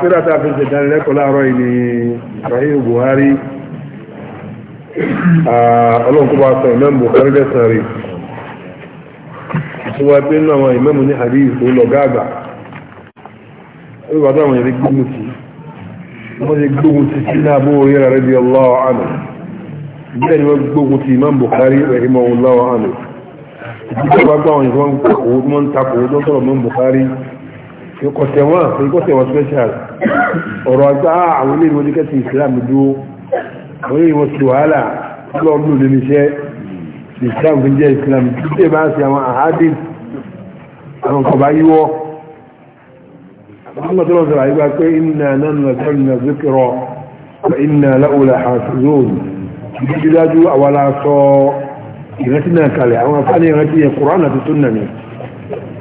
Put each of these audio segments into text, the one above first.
tíra ta fi ṣe dánilẹ́kọ̀ọ́ láàárọ̀ yìí ni Sahih Buhari ọlọ́nkúbà sọ Imam Buhari lẹ́sàn rí ìṣúwà pé nínú àwọn ìmẹ́mù ní hadith tó lọ gáàgbà olùbàdàn àwọn ìrìn gbógun sí wọ́n ti gbógun sí sí orí rẹ̀ bí Allahu wọ́n kò tẹ̀wọ̀n kò kò tẹ̀wọ̀n special ọ̀rọ̀ àgbà àwọn ilé ìwọ̀n díkẹ́ ti islam dúró àwọn ilé ìwọ̀n ti wàhálà lọ lù nínú iṣẹ́ islam fi jẹ́ islam títẹ̀ bá ṣe àwọn àhádì àwọn kọ̀bá yíwọ́ àwọn tó lọ sọ̀rọ̀ àyíká pé iná náà nà sọ́rọ̀ nà zikirọ̀ ìrántí náà kalẹ̀ àwọn afáàní ìrántí yẹn kùránà tuntun náà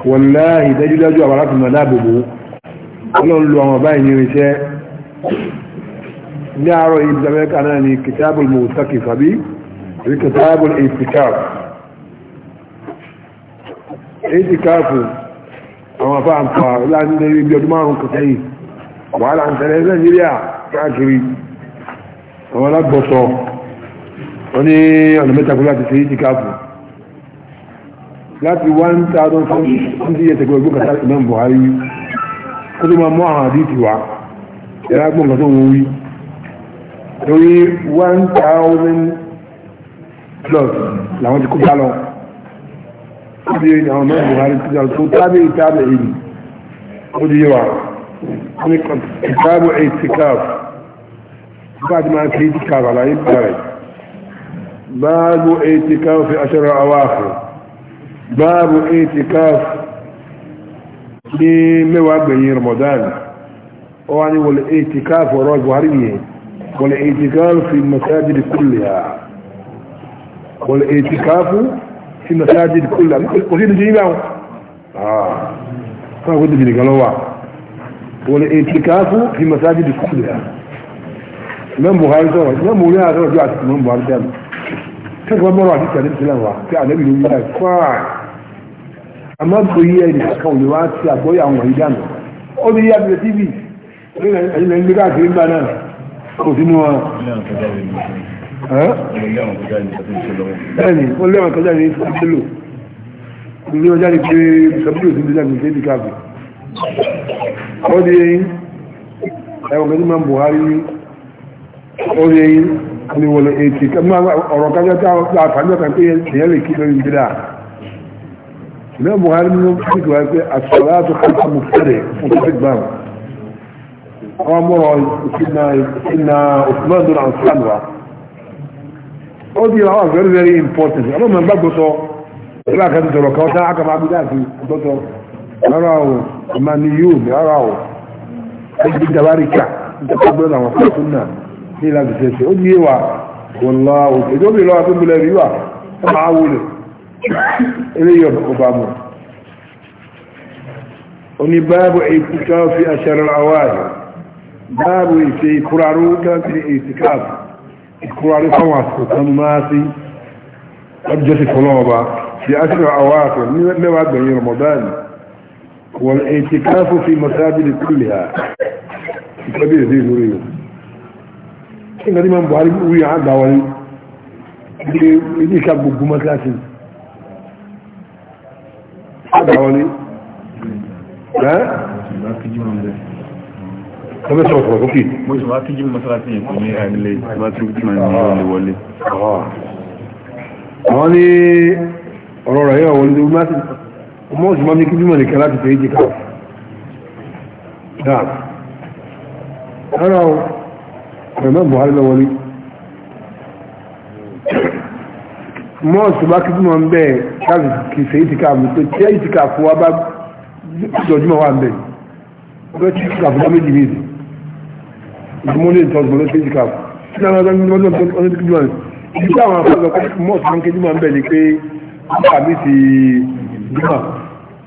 wọ̀lá ìdájúdájú àwọn arákùnrin aláàbòbò ọlọ́run lo àwọn ọba ìyẹn iṣẹ́ ní àárọ̀ ibi amẹ́ríkà náà ni kìtàbùl mọ̀tàkì tàbí rí kìtàbùl ìtìkáàfù ìtìkáàfù àwọn afáàfà láàrin ibi ọdún márùn kọ̀tẹ́yìn wàhálà ń tẹ̀lé nàìjíríà káàkiri àwọn alágbọ̀tọ̀ láti 1,000 years ago ẹgbẹ́ kàtà Imam Buhari wí kó tó máa mọ́ àwọn àdìsí wa yàrá gbọ́n kan tó wọ́n wí torí 1,000 plus làwọn ti kó bá lọ ó di àwọn Imam Buhari tó jà tó tábìlì tábìlì èyí ó di yẹwà ó ní kìtàbù ìtìkáf bá a ti máa kí ìtìkáf àlàyé bẹ̀rẹ̀ báàbù ìtìkáf fi aṣọ àwáfẹ́ báàbù etikaf ní mẹ́wàá gbẹ̀yìn ramadan ó wá ní wọlé etikaf ọ̀rọ̀ buhari yẹn wọlé etikaf fi masajid kulliha wọlé etikaf fi masajid kulliha kò sí ìdíjì ìgbà wọn ah, fún àgbẹ̀dẹ̀ nìkan lọ́wọ́ wọlé etikaf fi masajid kulliha imam buhari sọ̀rọ̀ imam buhari sọ̀rọ̀ ju àti imam buhari sọ̀rọ̀ kẹ́kọ̀ọ́ mọ́rọ̀ àti sàdé ìsìlẹ̀ wa kí àdébìlú yìí láì fáà àmọ́ kò yí ẹnì kankan òye wá sí àgbọ́yà àwọn wọ̀nyí dànù ó ní yí abẹ́rẹ́ tv ẹ̀yìn lẹ́yìn gbégbá àti gbígbá náà kò sínú wọn. bẹ́ẹ̀ni ó lẹ́wọ̀n kọjá ní sábẹ́lò ilé ọjà ni pé sábẹ́lò ti dẹ́jà ní sẹ́ẹ̀dì káàbì. ó di eyín ẹ̀wọ̀n kẹ́tí máa ń Buhari ó di eyín ó ní wọlé ètì ọ̀rọ̀ kájọ́ tá a fàájọ́ kan pé ẹ̀yẹ́ lè kí lórí ìgbéra ìmọ̀ buhari ní wọ́n ti wáyé pé àṣọlá tó kọ́kọ́ mú fẹ́rẹ̀ fún tó ti gbà wọn àwọn mọ́ ìsinà osman dọ́nà osman wa ó di àwọn very very important àwọn ọmọ ẹgbẹ́ gbọ́sọ̀ ìlú àkàtúntò ọ̀rọ̀ kan tá àkàmọ́ abúlé àti gbọ́sọ̀ rárá o ọmọ ni yóò rárá o ẹgbẹ́ jabarika nítorí gbọ́dọ̀ àwọn fẹ́ẹ̀tún náà ní ìlànà ìṣẹ̀ṣẹ̀ ó di yé wa wọ́n lọ́wọ́ ètò òbí lọ́wọ́ tó rí wa ó máa wọlé eléyìí ọ̀nà ọba mọ̀ oní báàbù ìkúta fi àṣẹrẹ àwáàrí báàbù ìṣe ìkúrarú káàkiri ìsìkáàfù ìkúrarú fáwọn àsìkò kan máa sí ọjọ́ sí fọlọ́ọba fi àṣẹrẹ àwáàrí ní mẹ́wàá gbẹ̀yìn Ramadan wọ́n ìsìkáàfù fi masajid kulliha ìkẹ́bí èdè lórí rẹ̀ kí n gbàdí máa ń Buhari wúyà àgbà wọlé ilé ìka gbogbo mọ́tíláṣí àdáwọlé ẹ́ ọmọ ìṣọ́ ọ̀pọ̀ òkè mo ṣe wá kí jí mọ́sálásí yẹn kò ní àìlè wá tí ó jìmọ̀ ní ọlẹ́ wọlé àwọn ní ọ̀rọ̀ rẹ̀ yọ̀ wọlé ọmọ òṣùmọ́ ní kí jímọ̀ nìkan láti fẹ́ jìkà dáa ẹ̀rọ ọ̀rọ̀ mẹ́bùn mọ́ọ̀sì bá kí mọ́ ń bẹ́ káàkì kì í ṣe ìtìká mú pé tí ìtìká fún wa bá jọjúmọ̀ wà ń bẹ̀ ọgbẹ́ tí ìtìká fún wa méjì méjì ìgbìmọ̀ lè tọ́ ọgbọ̀n ló ṣe ìtìká fún tí náà lọ́dọ́ ní ọdún tó ń kíjú wọn ìdí táwọn afọ́lọ́ mọ́ọ̀sì máa ń kéjú mọ́ ń bẹ̀ ni pé nípa mi ti dùmọ̀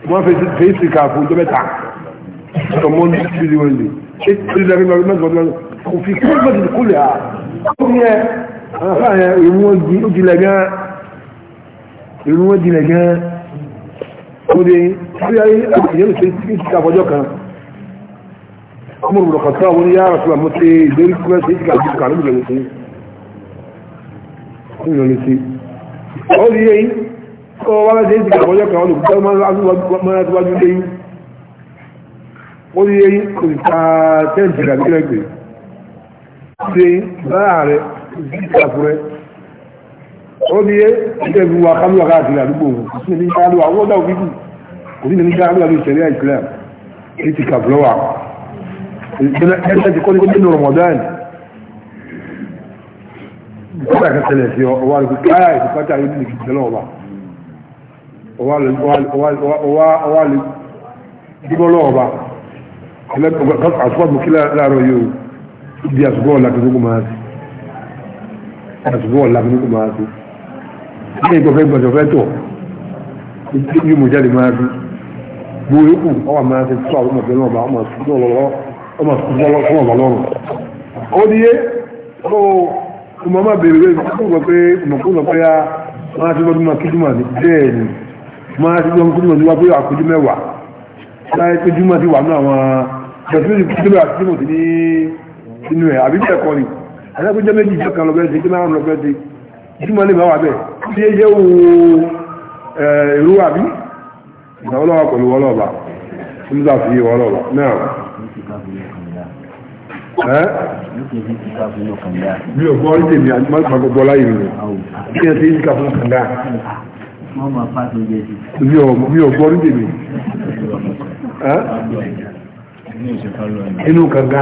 wọ́n fẹ́ ṣe ìtìká fún ọjọ́ mẹ́ta ọmọ ní ìtìlẹ̀ wọn lè ṣe ìtìlẹ̀ irun wọn jìnà gan kóde bí ayé àyẹ̀lù ṣe ti ti àfọjọ́ kan ọmọ òbúrò kọ̀tọ́ àwọn oníyà àrùsọ̀lá mo ṣe ìdérí kúrẹ́ ṣe ti kàbí kàrí mi lọ́lẹ́sí mi lọ́lẹ́sí ó rí eyín kọ́ wá ṣe ti àfọjọ́ kan olùkọ́ máa ń wájú léyìn ó rí eyín kò sì ta tẹ́ǹtì kàbí kẹ́lẹ́gbẹ̀ẹ́ ṣe báyà rẹ̀ sí ìtàkùrẹ́ ó ní ẹgbẹ́ ìlú wa kálúwà káàkiri àdúgbò kò sí ní kálúwà owó náà fífi kò sí ní kálúwà ní ìṣẹ̀lẹ̀ ìṣẹ̀lẹ̀ ètì kàbúlọ́wà ẹgbẹ́ ti Ramadan ìpátá kẹsẹ̀lẹ̀ sí ọwá rẹ̀ káyà ìpátá yóò ní ìṣẹ̀lẹ̀ ọba ọwá lè dúbọ́lọ́ ọba àtúbọ̀tún kí láàárọ̀ yóò di àtúbọ̀ ọ̀la kí ní kò kò máa sí ní ìgbọ̀fẹ́ gbọ̀dọ̀fẹ́ tọ̀ ìdí yìí mo jáde máa fi bu yòókù ọwà máa fi tó àwọn ọmọdé náà bá ọmọ sùn lọ́wọ́ ọmọ sùn lọ́wọ́ fún ọmọ lọ́rùn. ó ní yé ó mo máa bèrè pé kókò lọ pé mọ̀kó lọ pé a máa ti lọ́dún máa kí jùmọ̀ ní bẹ́ẹ̀ ni máa ti lọ́dún kí jùmọ̀ ní wá pé àkójú mẹ́wàá láyé pé jùmọ̀ ti wà ní àwọn pẹ̀sìmẹ́sì kí jùmọ̀ àti jùmọ̀ ti ní inú ẹ̀ àbí bẹ́ẹ̀ kọ́ ni àti ìtumọ̀ lè mẹ́wàá bẹ́ẹ̀ tí é yẹ́ wo èrú àbí ìdáwọ́lọ́wà pẹ̀lú wọ́lọ́ọ̀bà nígbà fi wọ́lọ́ọ̀bà náà bí o gbọ́ tèmi àgbà gbọ́ láyé mi kí ẹ ti ń kà fún kàndá bí o gbọ́ tèmi inú kàndá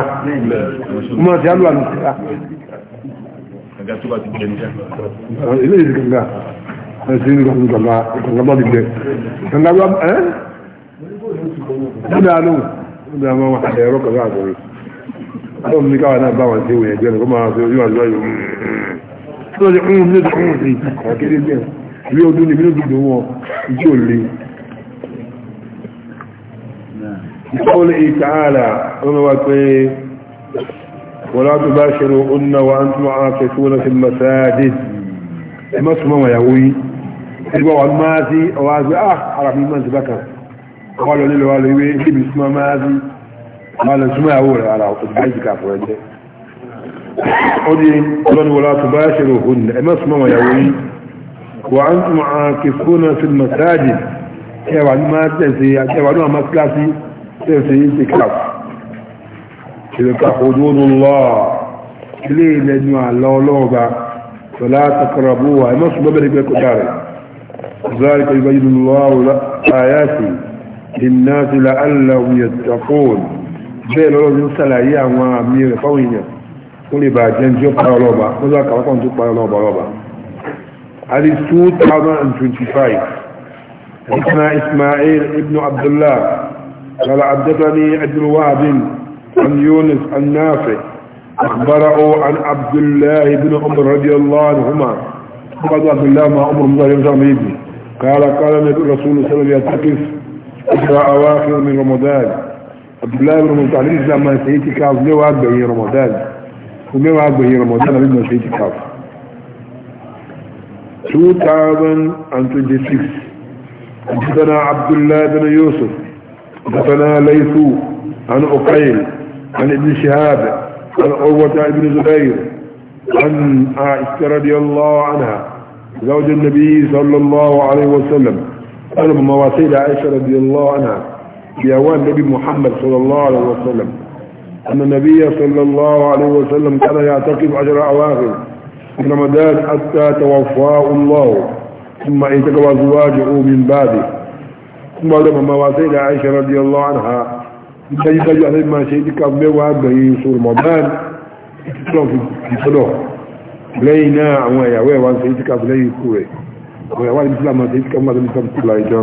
ọmọ ti á lù àlùkà nǹkan tó bá ti jẹ níjà. ilé ìdí gàngà ẹsìn ní gàngà gàngà bá ti jẹ gàngà bá ẹ. ó dáa nù ó dáa máa wà ẹ̀rọ kàngà àgbọ̀rẹ̀ ọlọ́run ní káwọn náà bá wọn ṣe wòye jẹ́ ní kó máa ṣe ojú àjọ yìí tó lè ń ní ọdún sí àkéré jẹ́ rí ọdún ní mílíọ̀dún tó wọ́n ojú ò lè ìkọ́lé ìtààlà ọlọ́wà pé ولا تباشروهن وأنتم عاكفون في المساجد ما اسمه يهوي ìgbọ́ wọn máa sí ọwá sí ààrà mi máa sí bákan ọwá lọ nílò wà lè wé níbi súnmọ́ máa sí máa lọ súnmọ́ àwọ̀ rẹ̀ ara ọ̀tọ̀gbà ìjìká fún ẹgbẹ́ ó di ọlọ́niwọlá tó bá ṣe ròhùn ẹ má súnmọ́ ìyàwó yìí wà á ń tún àwọn kìfó náà sí mọ̀sáàdì kẹwàá ní máa tẹ̀sí àkẹwàá náà máa kíláàsì tẹ̀sí ìjìká fún تلك حدود الله ليه لأنه الله بقى فلا تقربوها نص ما صبر بكتاري ذلك يبين الله آياته للناس لعلهم يتقون بين الله سلايا وامير قوينا قولي باجين جو الله قرلوبا وذاك وقوم جو الله بقى هذه 2025 اسمع إسماعيل ابن عبد الله قال عبدتني عبد الوهاب عن يونس عن نافع أخبره عن عبد الله بن عمر رضي الله عنهما قال عبد الله ما عمر مظهر يمسام يدي قال قال النبي رسول الله صلى الله عليه وسلم يتقف إجراء أواخر من رمضان عبد الله بن عمر تعليم لما سيتي كاف ليه وعد به رمضان وعد به رمضان لما سيتي كاف 2026 حدثنا عبد الله بن يوسف حدثنا ليث عن أقيل عن ابن شهاب عن عروة بن زبير عن عائشة رضي الله عنها زوج النبي صلى الله عليه وسلم أنا مواسيل عائشة رضي الله عنها في أوان نبي محمد صلى الله عليه وسلم أن النبي صلى الله عليه وسلم كان يعتقد عشر أواخر من رمضان حتى توفاه الله ثم انتقل أزواجه من بعده ثم لما مواسيل عائشة رضي الله عنها dájúdájú àti máa ṣe ìdíkà mẹ́wàá gbẹ̀yìn oṣù Ramadan ìtìlọ̀ ìtọ́lọ̀ lẹ́yìn náà àwọn ìyàwó ẹ̀wà ń ṣe ìdíkà lẹ́yìn ikú rẹ̀ àwọn ìyàwó àti ìtìlọ̀ máa ṣe ìdíkà mọ́ àti ìtìlọ̀ ìtìlọ̀ ìjọ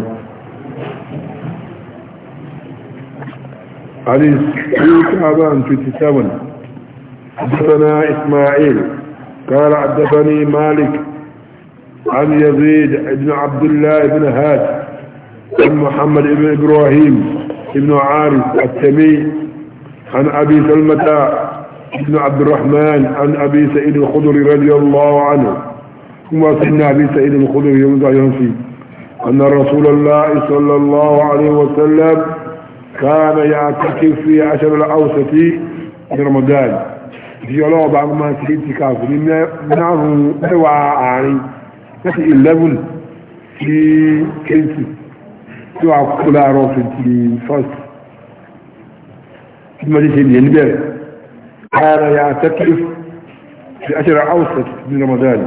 حديث 27 حدثنا إسماعيل قال حدثني مالك عن يزيد بن عبد الله بن هاد عن محمد بن إبراهيم ابن عارف التمي عن أبي سلمة ابن عبد الرحمن عن أبي سعيد الخضر رضي الله عنه ثم سيدنا أبي سعيد الخضر يمزع ينفي أن رسول الله صلى الله عليه وسلم كان يعتكف في عشر الأوسط في رمضان في يقولوا بعض ما سيدتي كافر منعه نوع عني نفس 11 في كنسي tí wàá kó láàárọ̀ twenty first tí mo ti ṣe nìyẹn níbẹ̀ ara ya taklif fi ashra awsat min ramadan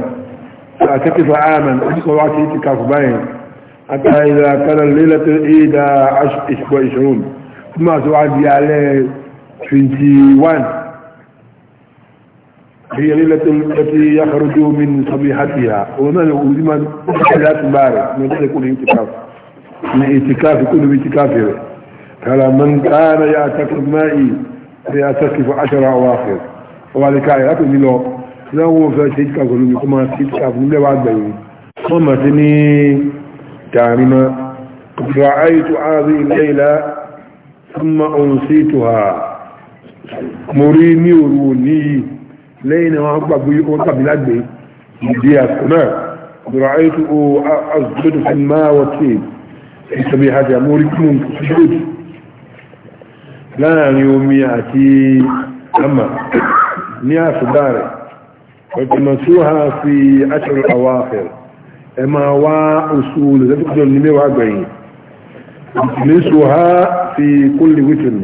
fa taklif aman ani ko wati itikaf bayan hatta idha kana laylatul ida ashra wa 20 kuma zuwa biyale 21 هي ليلة التي يخرج من صبيحتها ومن لا تبارك من ذلك الانتفاض من اعتكاف كل من اعتكافه قال من كان يعتكف مائي فيعتكف عشر اواخر وذلك لا تجي له لا هو في سيدك ظلمي كما سيدك ظلمي بعد بيوم ثم تني تعلم رأيت هذه الليلة ثم أنسيتها مريني وروني لين ما أبقى بيقول قبل أدبي مديا السماء رأيت أصدد في الماء والسيد ìtọ́bí hajjá mórí kún ṣúgbòdì láàrin omi àti àmà ní àṣùgbà rẹ̀ ọ̀tọ̀nà tí ó ha fi aṣọ́rọ̀ àwọn afẹ́ ẹ máa wá oṣù olùsẹ́tọ́jọ́ ní mẹ́wàá gbẹ̀yìn ìtìlẹ́sù ha fi kólè wítìn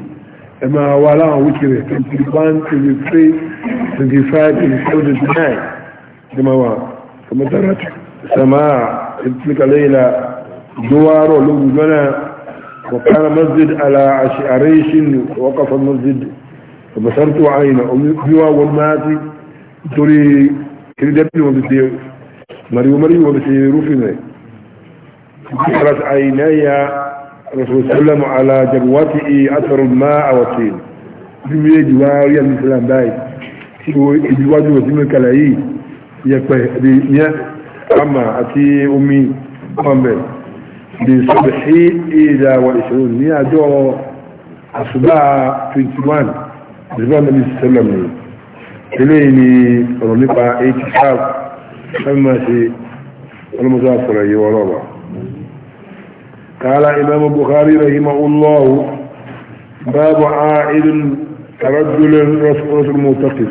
ẹ máa wá láwọn wítìn rẹ̀ 21 23 25 27 29 ẹ máa wá kọmọtara samáà ìtìlẹ́kà lẹ́yìnlá دوار لو جنا وكان مسجد على عريش وقف المسجد فبصرت عين أمي والماتي تري كردبي وبتي مريو مريو وبتي روفنا فكرت عيني رسول الله سلم على جبوته أثر الماء والطين جوار يا مسلم باي جوار òsì mẹ́kàlá yìí yẹpẹ̀ ẹ̀dẹ̀ yẹ́ àmà àti omi ọmọ بصبح إلى وعشرون مئة دور أصباع 21 أصباع النبي صلى الله عليه وسلم إليني رنبع إيتحاب فما شيء المسافر أي ورابع قال إمام البخاري رحمه الله باب عائد رجل رسول متقف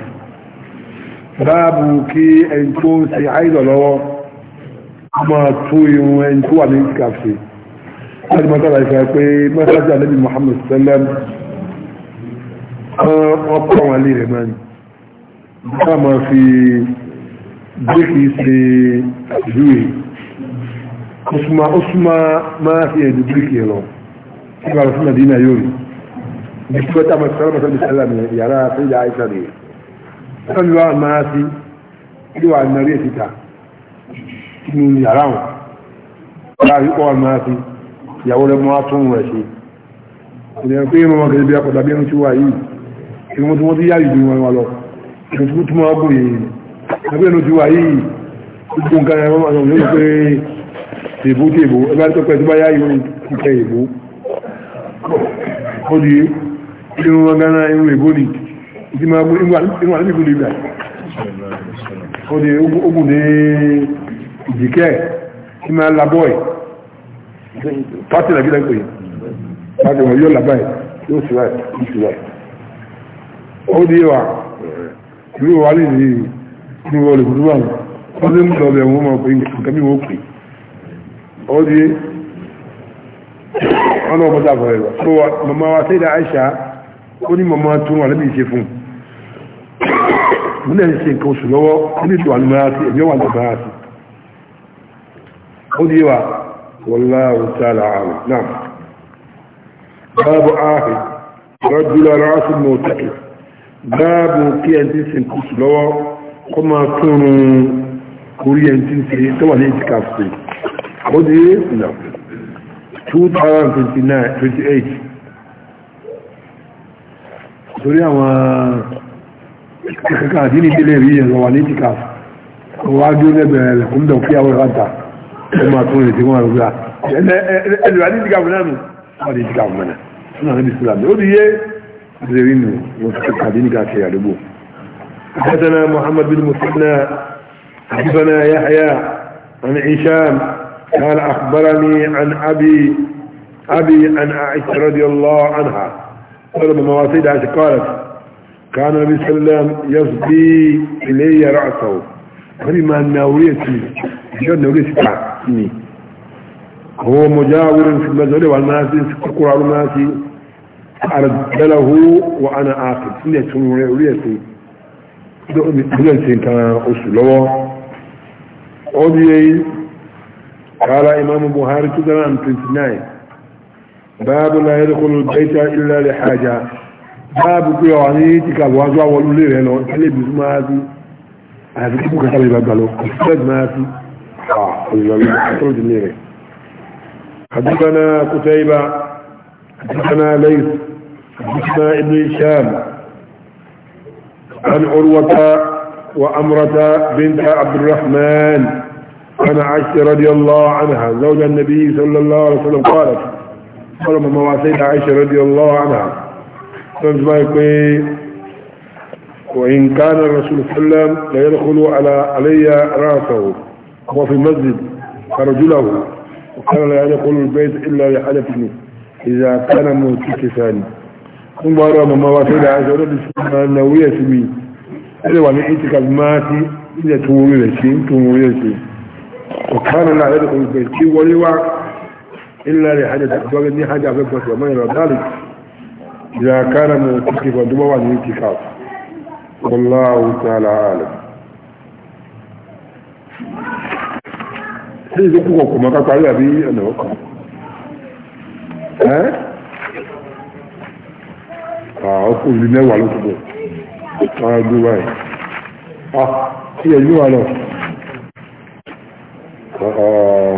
باب كي أن تكون سعيد الله máa tó irun ẹni tó wà ní kàfé láti máa tàbí ìfẹ́ pé mẹ́sàájú àlẹ́bí Muhammad sallam wọ́n kọ́ àwọn alẹ́ rẹ̀ máa ní bá máa fi bíkì ṣe àjúwe ó súnmọ́ máa fi ẹ̀dù bíkì lọ sí bá fún àdínà yóò rí bí tí wọ́n tàbí sọ́rọ̀ mọ́sàájú sallam yàrá sí ìyá àìsàn rẹ̀ sọ́nà máa fi ìwà nàrí ètìta sínú yàrá wọn láàrin kọ́ àmà àti ìyàwó rẹ̀ mọ́ àtún rẹ̀ ṣe ìdẹ̀ pé mọ́ wọn kẹ́lẹ̀ bí akọ̀dà bí ẹnu tí wà yìí ìgbìmọ̀ tí wọ́n ti yá ìdí wọn wà lọ ìgbìmọ̀ tí wọ́n gbò yìí ẹgbẹ́ ẹnu tí wà yìí gbogbo nǹkan ẹ̀rọ wọn yóò pé tèbó tèbó ẹgbẹ́ tó pẹ́ tó bá yá ìwọ̀n kíkẹ́ ìbò ó di irun wọn gánà irun ìbò ni ìdí máa gbó irun àlébìkú lè gbà ó di ní ìdíkẹ́ tí máa labọ́ ẹ̀ pátì làbí lẹ́gbẹ̀ yìí pátì wọn yóò labọ́ ẹ̀ yóò sì wáyé yóò sì wáyé ó di wa ìlú wa lè ní ní wọlé kúrú wà wọn ó sì ń lọ bẹ̀ wọn máa pè nǹkan mi wọ́n pè ó di wọn náà bọ́tà fọ̀rẹ̀ lọ so mama wa sẹ́yìn Aisha ó ní mama tún wà lẹ́bí ìṣe fún un mo náà ń ṣe nǹkan oṣù lọ́wọ́ ó ní ìtò àlùmọ́ àti ẹ̀yọ́ wà lọ́mọ́ àti خذوا والله تعالى عالم نعم باب آخر رجل رأس الموتكف باب كي أنت سنكوس لوا كما كونوا كوري أنت سنكوس لوا ليت كافسي خذوا نعم 2028 torí àwọn kẹkẹkẹ àdínìdílé rí ẹ̀rọ wà ní ìtìkà wájú lẹ́bẹ̀ẹ́ rẹ̀ kúndọ̀ fíyàwó rántà ẹmọ àtúnrẹ̀ tí wọ́n rúgbà ẹlùwà ní ìdíkà fúnnà mi wọ́n di تقولي تقولي تقولي تقولي eluwa ni idika funna mi nígbà idika funna o di ye idiri حدثنا محمد بن مسلمة حدثنا يحيى عن هشام قال أخبرني عن أبي أبي عن عائشة رضي الله عنها طلب مواصيد عائشة قالت كان النبي صلى الله عليه وسلم يصبي إلي رأسه فلما ناويتي شو ناويتي ni هو مجاور في المذهب والناس في القرآن الناس أرجله وأنا عاقل إني أسمعني أوليتي بلنسين كان أسلوه أوليي قال إمام بخاري تدران 29 باب لا يدخل البيت إلا لحاجة باب قيواني تكاب وازوا ولولي رهلو اللي بسمعاتي هذا كيف كتابي بابلو كتاب ما فيه حدثنا كتيبة حدثنا ليث حدثنا ابن هشام عن عروة وأمرة بنت عبد الرحمن عن عائشة رضي الله عنها زوج النبي صلى الله عليه وسلم قالت قال مواسيد عائشة رضي الله عنها وإن كان الرسول صلى الله عليه وسلم ليدخل على علي رأسه هو في المسجد فرجله وقال لا يدخل البيت إلا لحدث إذا كان متكفا ثم أرى من مواسيل عز وجل أنه يسمي إذا وأنا إتك الماتي إذا تمويل لشيء تمويل لشيء وكان لا يدخل البيت في ولواء إلا لحدث أخبرني حاجة أفكت وما يرى ذلك إذا كان متكفا دموا عن الاتكاف والله تعالى عالم ní ìlú púpọ̀ kò mọ́ ká parí àbí ọ̀nà ọkọ̀ ẹ́ ọkọ̀ ìlú mẹ́wàá ló túbọ̀ ara ah, gbé wáyé a ah, kí ẹ̀yí wà lọ ah,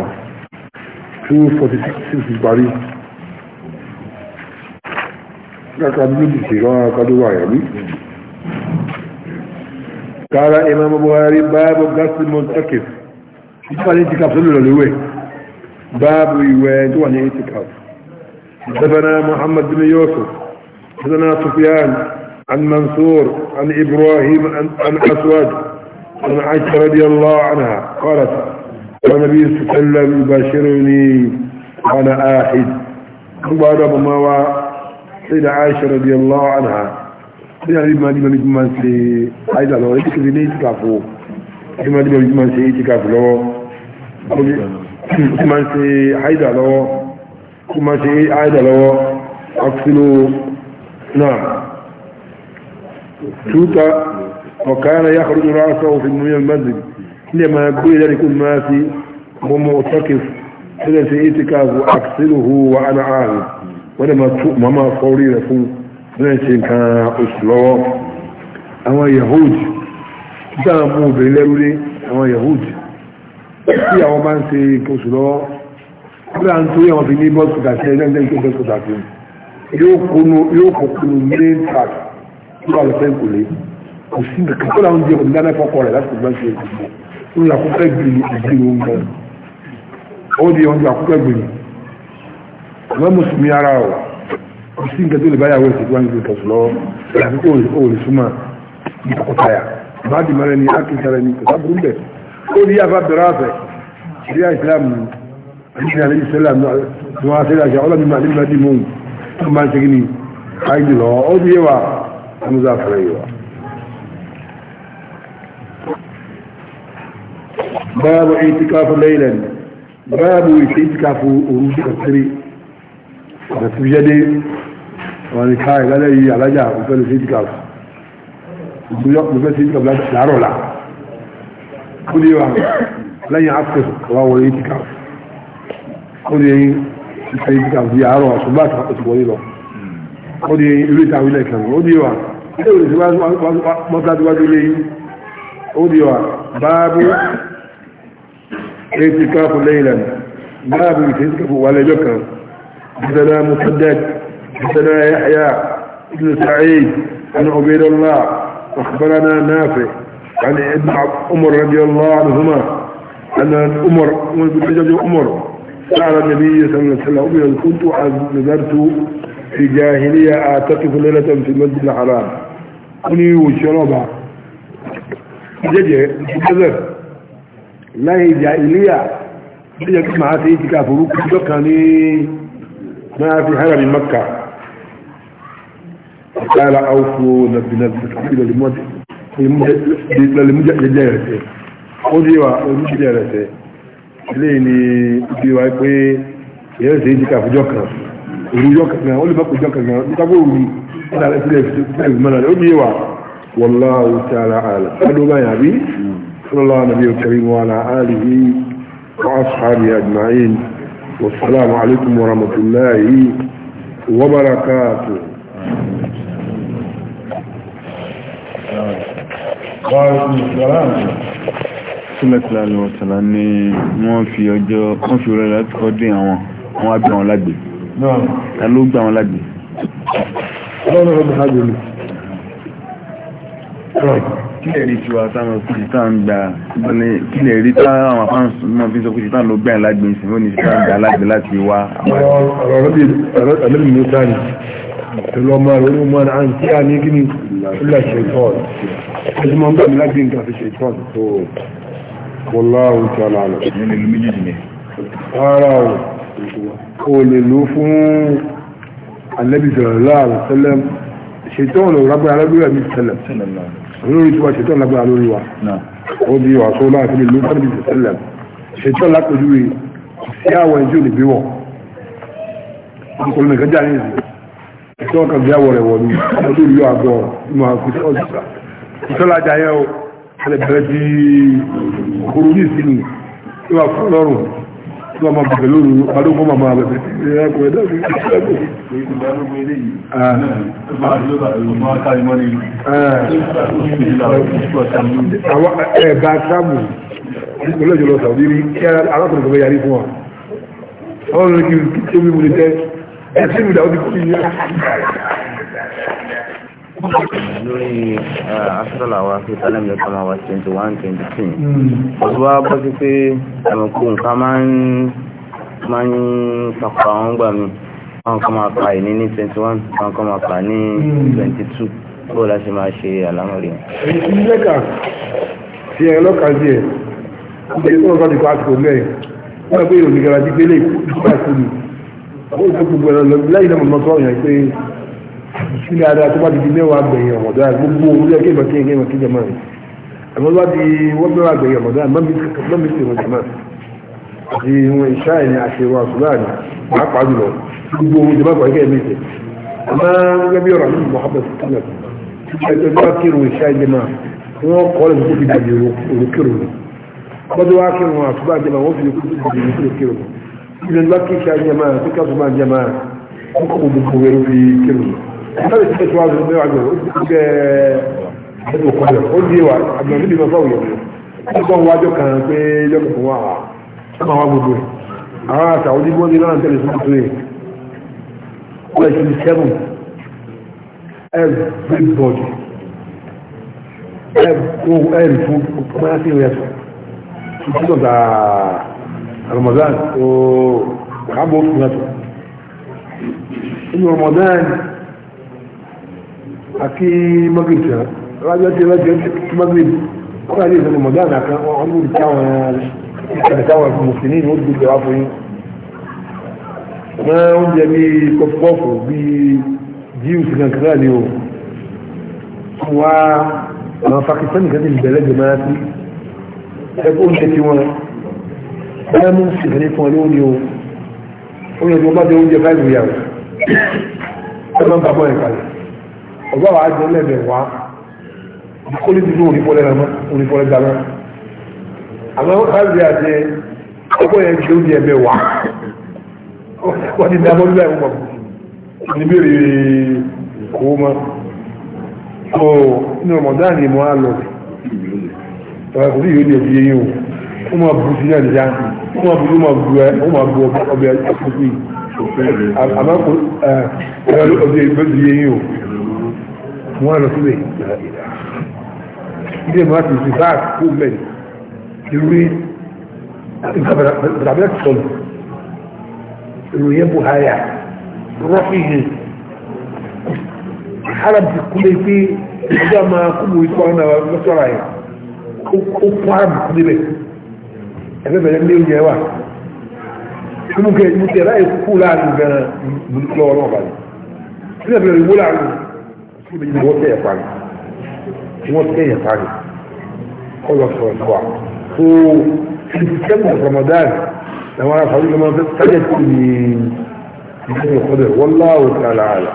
two forty six six parí kaka méjì sí kan akadó wáyé àbí. قال إمام بخاري باب غسل منتكف ìjọba ní ìtìkà tó lọ lówẹ̀ báàbù ìwẹ̀ tó wà ní ìtìkà ìjọba muhammad bin yusuf ìjọba sufyan عن منصور عن إبراهيم عن أسود عن عائشة رضي الله عنها قالت والنبي صلى الله عليه وسلم يباشرني وأنا آحد وبعد ما سيدة عائشة رضي الله عنها يعني ما دي ما بيجي من سي عايز الله يتكلم يتكافو ما دي ما بيجي من سي يتكافو kó máa ń ṣe àìdà lọ́wọ́ kó máa ṣe àìdà lọ́wọ́ ọ̀fìlò náà túta ọ̀kàrà yà kọ̀rọ̀ ìrọ̀ aṣọ òfin ní ọmọ mẹ́sìn ilé máa gbé ìdáni kó máa ṣe mọ́mọ́ ọ̀tọ́kìf sílẹ̀ ṣe ìtìkáàbù àkṣìlòhù wa ana ààrùn wọ́n máa tó màmá fọ́rí rẹ̀ fún náà ṣe nǹkan oṣù lọ́wọ́ àwọn yahudi dáàmú obìnrin lẹ́rú ní àwọn yahudi tí àwọn bá ń ṣe oṣù lọ́wọ́ nígbà tó yẹ wọn fi ní bọ́ọ̀sù kàṣẹ ẹgbẹ́ ẹgbẹ́ bọ́ọ̀sù kàṣẹ yóò kó kunu main track tí wọ́n fẹ́ kò lé kò sí nǹkan kó làwọn jẹ kò ní dáná fọkọ rẹ̀ láti gbọ́n ṣe ìgbìmọ̀ ó yà kó fẹ́ gbìyànjú ìgbìmọ̀ ń bọ̀ ó di ọjọ́ àkókò gbìyànjú ọ̀gbọ́n mùsùlùmí ara ọ̀ kò sí nǹkan tó lè báyàwó ẹ̀sìn tí wọ́n ń gbé kọ̀ọ̀sù lọ́wọ́ àti kó o lè súnmọ́ ìtọkọtaya ìbádìí mọ́rẹ́ni ákíńtara ni kò sábúrú bẹ́ẹ̀ ó rí afá bẹ̀rẹ̀ àfẹ́ rí àìsílámù àìsílámù àìsílámù tó wá sílẹ̀ àṣà ọlọ́mí máa nígbà tí mò ń máa ń segin ní àìjì lọ ó bí yé wa amúzà fẹ́rẹ̀ yé wa. báàbù ìtìkáfù lẹ́yìn báàbù ìtìkáfù òru kàkiri àtàtúnṣẹ́dé wọn ni káà ìlàlẹ́ yìí alájà òfẹ́ lè ṣe ìtìkáfù òfẹ́ ṣe كلي واحد لن يعطف غاو يتكاف كلي يتكاف زياره وصبات عطف وليلو كلي يريد عويلة كلمة ودي واحد يقول سباز مطلد واجه لي ودي واحد باب يتكاف ليلا باب يتكاف ولا بكر بسنا مصدد بسنا يحيى ابن سعيد ان عبيد الله اخبرنا نافع عن ابن عمر رضي الله عنهما أن عمر وابن عمر قال النبي صلى الله عليه وسلم كنت نذرت في جاهلية أعتكف ليلة في المسجد الحرام أني وشربا جدي نذر لا جاهلية هي ما في اعتكاف وكاني ما في حرم مكة قال أوفوا بنفسك إلى المسجد lè mú jẹjẹ rẹ̀ tẹ̀ ó dé wa mú jẹjẹ rẹ̀ tẹ̀ ilé ni ibi wa pé èyí ṣe é jí káfíjọ́ kan òru jọ́ kan ó lè mọ́kò jọ́ kan gan nípa pé òru nígbà tí ilé عليكم ورحمة الله وبركاته Súnmẹ́tìlá lọ tàbí ní wọ́n fi ọjọ́ wọ́n fi rẹ̀ láti kọ́dé àwọn wọ́n àgbà wọn lágbè. Ta ló gbà wọn lágbè? Ọlọ́run ọdún lágbè ni. Kílẹ̀ rí tí wà sáwọn òkúti tá ń gbà kílẹ̀ rí táwọn afáǹsù náà fi sọ kúti tá ló gbà lágbè ìsìn ó ní tá ń gbà lágbè láti wá àwọn àgbà. Ọ̀rọ̀ ẹ̀sì mọ́ ń bẹ̀ mí láti nǹkan fi ṣe ìtọ́n tó wọláhùn tí a lọ àlọ́ ara o lè lò fún alẹ́bìsọ̀rọ̀ láàrùn tẹ́lẹ̀ ṣètọ́n lọ lágbára lágbára mi tẹ́lẹ̀ olórí tí wá ṣètọ́n lágbára lórí wa ó di wà tó láti lè lò fún tẹ́lẹ̀ ṣètọ́n lápẹjúwe sí àwọn ẹjọ́ lè bí wọ̀ ọkùnrin nìkan jáde ìsìn ìṣọ́kan bí àwọ̀ rẹ̀ wọ̀ ní ọdún yóò àgọ́ ọdún àkùsọ́ ìtọ́lájà yẹn o ẹ̀lẹ̀ bẹ̀rẹ̀ sí òkúrú ní ìsinmi tí wà fún lọ́rùn tí wà máa bẹ̀rẹ̀ lóru balógun máa máa bẹ̀rẹ̀ sí ẹ̀kọ́ ẹ̀dá sí ẹ̀kọ́ ẹ̀bá sáàmù olóòjò lọ sàwọ́dí rí kí arákùnrin kọ̀ọ̀bẹ̀ yarí fún wa ọ̀rọ̀ kí ó mímú ní tẹ́ ẹ̀sìn ìdáwọ́dí kò ní yá lórí eh, asọ́làwà fi tàlẹ́ mi kọ́mọ wa twenty one twenty two ọdún hmm. wa bọ́ sí pé ẹ̀mọ̀kú nǹkan máa ń máa ń papọ̀ àwọn gbà mí àwọn kan máa pa ìní ní twenty one àwọn kan máa pa ní hmm. twenty bó la máa ṣe àlámọ̀rí. èyí ti lẹ́ka ti ẹ̀rọ lọ́ka sí ẹ̀ ìgbésí tó ó ń gbogbo ẹ̀rọ lẹ́yìn náà mọ̀ pé kí ni ara tó bá di di mẹ́wàá gbẹ̀yìn ọ̀mọ̀dá gbogbo orí ẹ̀kẹ́ ìmọ̀ kéèké ìmọ̀ kéèké mọ̀ rẹ̀ àmọ́ bá di wọ́n mẹ́wàá gbẹ̀yìn ọ̀mọ̀dá mọ́mí ti ìmọ̀jẹ̀ mọ́ àti ìwọ̀n ìṣá ẹ̀ ní àṣewà ṣùgbọ́n àná pàápàá jùlọ gbogbo orí ìjọba kan kẹ́ ẹ̀mí ìṣẹ̀ àmọ́ gẹ́gẹ́ bí ọ̀rọ̀ àmì Muhammad sílẹ̀ ẹgbẹ́ bá kírun ìṣá ẹ̀ jẹ́mà wọ́n kọ́ ọ́ lẹ́sìn kókì dàbí olùkírun ni kọ́dọ̀ wá kírun àṣùgbọ́n àjẹmà wọ́n fi lè kókì dàbí olùkírun ni ìjọba kí ìṣá ẹ̀ jẹ́mà tó kí àṣùgbọ́n àjẹmà wọ́n kọ́ gbogbo ẹrú fi kírun ni. ẹ̀rọ ìtẹ̀síwájú ní ọjọ́ ìgbẹ́ ẹ̀dùn kọjọ ó di wa àgbà níbi ìmọ̀ fáwọn yẹn ẹ̀kọ́ wájọ kan pé yọkùnkùn wà wá ọmọ wa gbogbo ẹ̀ àwọn àṣà ojú bọ́ọ̀dì náà tẹ̀lé sí ìtúrẹ̀ twenty seven everybody ẹ̀rù fún ọmọ yẹn sí ìrẹsọ̀ tuntun ọ̀dà Ramadan ooo kábọ̀ fún ẹ̀sọ̀ inú Ramadan àti magreth rẹ̀ rájọ́ tí rájọ́ tí magreth kọ́ra ilé ìsọ́nù mọ̀dánà kan wọ́n ń lòdì táwọn ìkàlẹ̀ táwọn mùsùlùmí ni ó ti gbé wá fún yín wọ́n oúnjẹ bíi pọfupọ́fù bíi jíùsì kankan náà ni o wá àwọn Pakistan kan ti bẹ̀rẹ̀ jẹ̀ máa ti ẹgbẹ́ oúnjẹ tí wọ́n bẹ́ẹ̀ mú sí ìrìn fún ọlọ́wọ́ ni o oúnjẹ tí wọ́n bá jẹ oúnjẹ báyìí ìyàwó ẹ máa ń bàbọ̀ ẹ̀ kalẹ̀ ọjọ́ wa jẹ́ lẹ́bẹ̀ wá kó lè dúró onífọ́lẹ́ náà onífọ́lẹ́ dáná àmọ́ káàdì àti ọgbọ́ yẹn jẹ́ oúnjẹ ẹ̀bẹ̀ wá wọ́n ti dábọ́ nílẹ̀ ìwọ̀n níbèrè owó mọ́ ọ ní ọmọdán ni mo á lọ ọ̀rọ̀ kò sí yóò ní ẹ̀bí yẹn o ó máa bu sí náà níjà ó máa bu ó máa bu ẹ ó máa bu ọbẹ̀ ẹ̀kọ́ sí àmọ́ ọbẹ̀ ìgbẹ́ ti yẹn o. وانا سبيل لا إله إذا ما أتم زفاك كل من يريد بالعبيات الصلب إنه يبوها يعني روحيه حلب في كل شيء إذا ما كله يتوانا وصرايا وقرب كل بيت أبابا لمن يجيوه ممكن يجيوه رأيه كل عدو كان من كل ورمه بعد إذا بلا يقول عدو wọ́n tẹ̀ ẹ̀ parí wọ́n tẹ̀ ẹ̀ parí kọ́ lọ sọ̀rọ̀ sọ wa tó sẹ́kùn Ramadan làwọn ará sàwọn ìgbìmọ̀ fẹ́ sájẹ̀ tó ní ìgbìmọ̀ ìkọ́dẹ̀ wọ́n láwọ̀ tààlà àlà.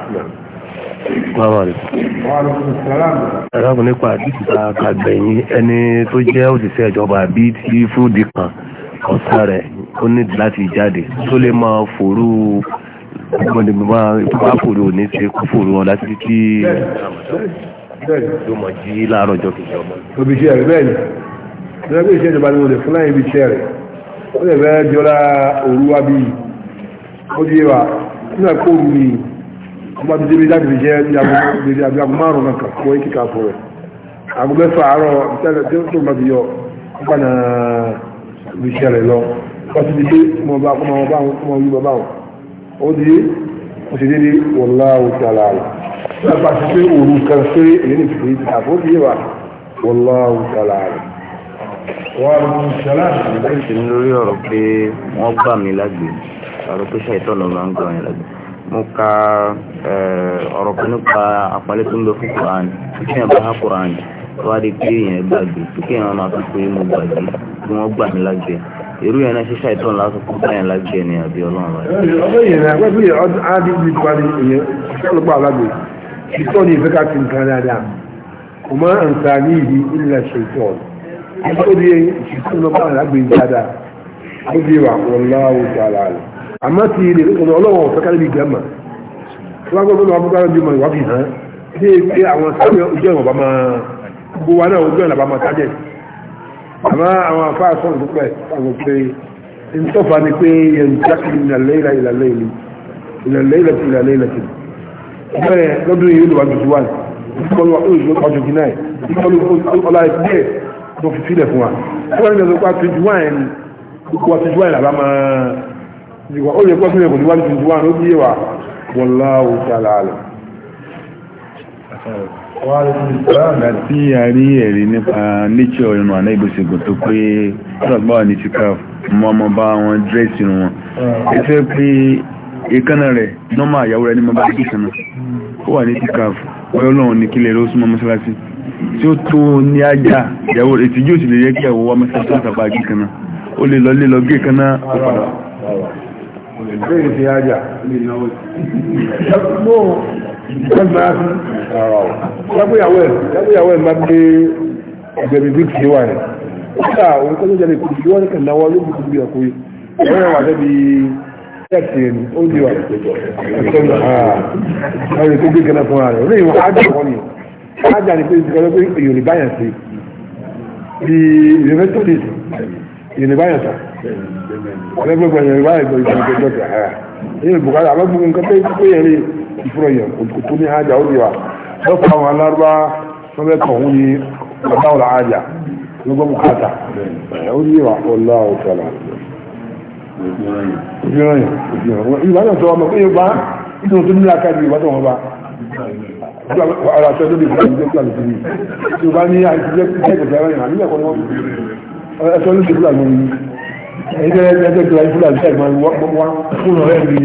Ẹ̀rọ nípa àdìsíta kàgbẹ̀yìn ẹni tó jẹ́ òṣìṣẹ́ ìjọba àbí tí fúdì kan ọ̀sán rẹ̀ ó ní láti jáde tó lè máa fòrú ọmọ ni mo máa ìfúnpá fòrò òní ṣe kó fòrò wọn láti rí kí yóò mọ̀ jí láàárọ̀ ọjọ́ kejì ọmọ. òbí iṣẹ́ rẹ̀ bẹ́ẹ̀ ni ìjọba pé iṣẹ́ ìjọba ni mo lè fún láyé ibi iṣẹ́ rẹ̀ ó lè fẹ́ jọra òru wa bíi ó di wa nínú ẹ̀kọ́ òru ni wọ́n bá ti débi láti fi jẹ́ ní agogo márùn-ún kan kó kíkà fún rẹ̀ agogo mẹ́fà àárọ̀ tí ó tó máa fi yọ ọ̀pá náà ibi iṣẹ́ rẹ̀ lọ wọ́n ti di pé mo bá ọmọ wọn bá wọn ó di òṣèlérí wọláwó tààlà rẹ̀ nígbà tí pé òru kan pé èyí ní fìdí ìta ó di ìwà wọláwó tààlà rẹ̀. wọ́n ti ní lórí ọ̀rọ̀ pé wọ́n gbà mí lágbè ọ̀rọ̀ pé ṣàìtọ́ lọ máa ń gbà mí lágbè mo ka ọ̀rọ̀ kan nípa àpálẹ́ tó ń lọ fún Quran kí ẹ̀ bá há wá di pé èèyàn gbàgbé máa fi pé mo gbàgbé bí wọ́n irú yẹn náà ṣíṣe ìtọ́ ńlá fún báyẹn lágbé ni àbí ọlọ́run rẹ̀. ọ̀rọ̀ yẹn náà wọ́n fi ọdún áàdì ìlú ìpàdé ìyẹn ṣọlọ́pọ̀ alágbè ìtọ́ ni ìfẹ́ ká ti nǹkan dáadáa kò mọ àǹsà ní ìdí ilẹ̀ ṣètọ́ ìtọ́ni ìṣìkún lọ́pọ̀ alágbè dáadáa ó di wà wọláwó dára rẹ̀ àmọ́ ti ilé ọ̀nà ọlọ́run ọ̀fẹ́ ká níbi gẹ́mà wọ́n gbọ́dọ̀ àmá àwọn àfáà sọ̀rọ̀ tó pẹ̀ àwọn pé ń tọ́fà ni pé yẹn jákè ìlàlẹ́ ìlà ìlàlẹ́ ìlú ìlàlẹ́ ìlà ti ìlàlẹ́ ìlà ti bẹ̀rẹ̀ lọ́dún yìí ló wà tuntun wà ìkọlù ọjọ́ kìnnà ìkọlù ọlá ìpínlẹ̀ tó fi sílẹ̀ fún wa wọ́n ní ọjọ́ pa tuntun wà yẹn gbogbo wa tuntun wà yẹn làbá máa ìwà ó yẹ kó sílẹ̀ kò ní wà tuntun wà ní ó bí yé wa wọ́n láwùjá làálẹ̀. Ìgbà tí a ẹ̀rí nípa nature irun àná ìgbòsègùn tó pé ọlọ́gbà ní ti ká mọ́ ọmọ bá wọn dírẹ́sì irun wọn. Ẹ fẹ́ pé ìkánná rẹ̀ nọ́mà àyàwó rẹ̀ ní mọ́ bá ti sànà. Ó wà ní ti ká ọyọ́ lọ́run ní kílẹ̀ ló súnmọ́ mọ́sálásí. Tí ẹgbẹ́ lágbéyàwó ẹ̀ lágbéyàwó ni pé ìsìnkọ́ lọ́pẹ́ sí bí yorùbá yẹn sọ ọlẹ́gbẹ̀gbẹ̀ yorùbá yẹn sọ ìfúnni tó dọ̀tí ara ẹ̀yẹ bukari àwọn gbogbo nǹkan tó kó yẹn lé ìfúnni yẹn kò tó ní hajà ó di wa lọ́pọ̀ àwọn alárúbá wọn bẹ kàn wọ́n yé bàbá wọn hajà lọ́gbọ́n bukata ó di wa ọlá ọ̀tọ̀lá ìfúnni yẹn yorùbá yẹn sọ ọmọ pé yorùbá nítorí tó ní akájú yorùbá ẹ̀tọ́ ló ti fúlàní ẹ̀yìn tẹ́lẹ̀ tẹ́lẹ̀ tẹ́lẹ̀ fúlàní tẹ́lẹ̀ máa wọ́n fún ọ̀rẹ́ mi.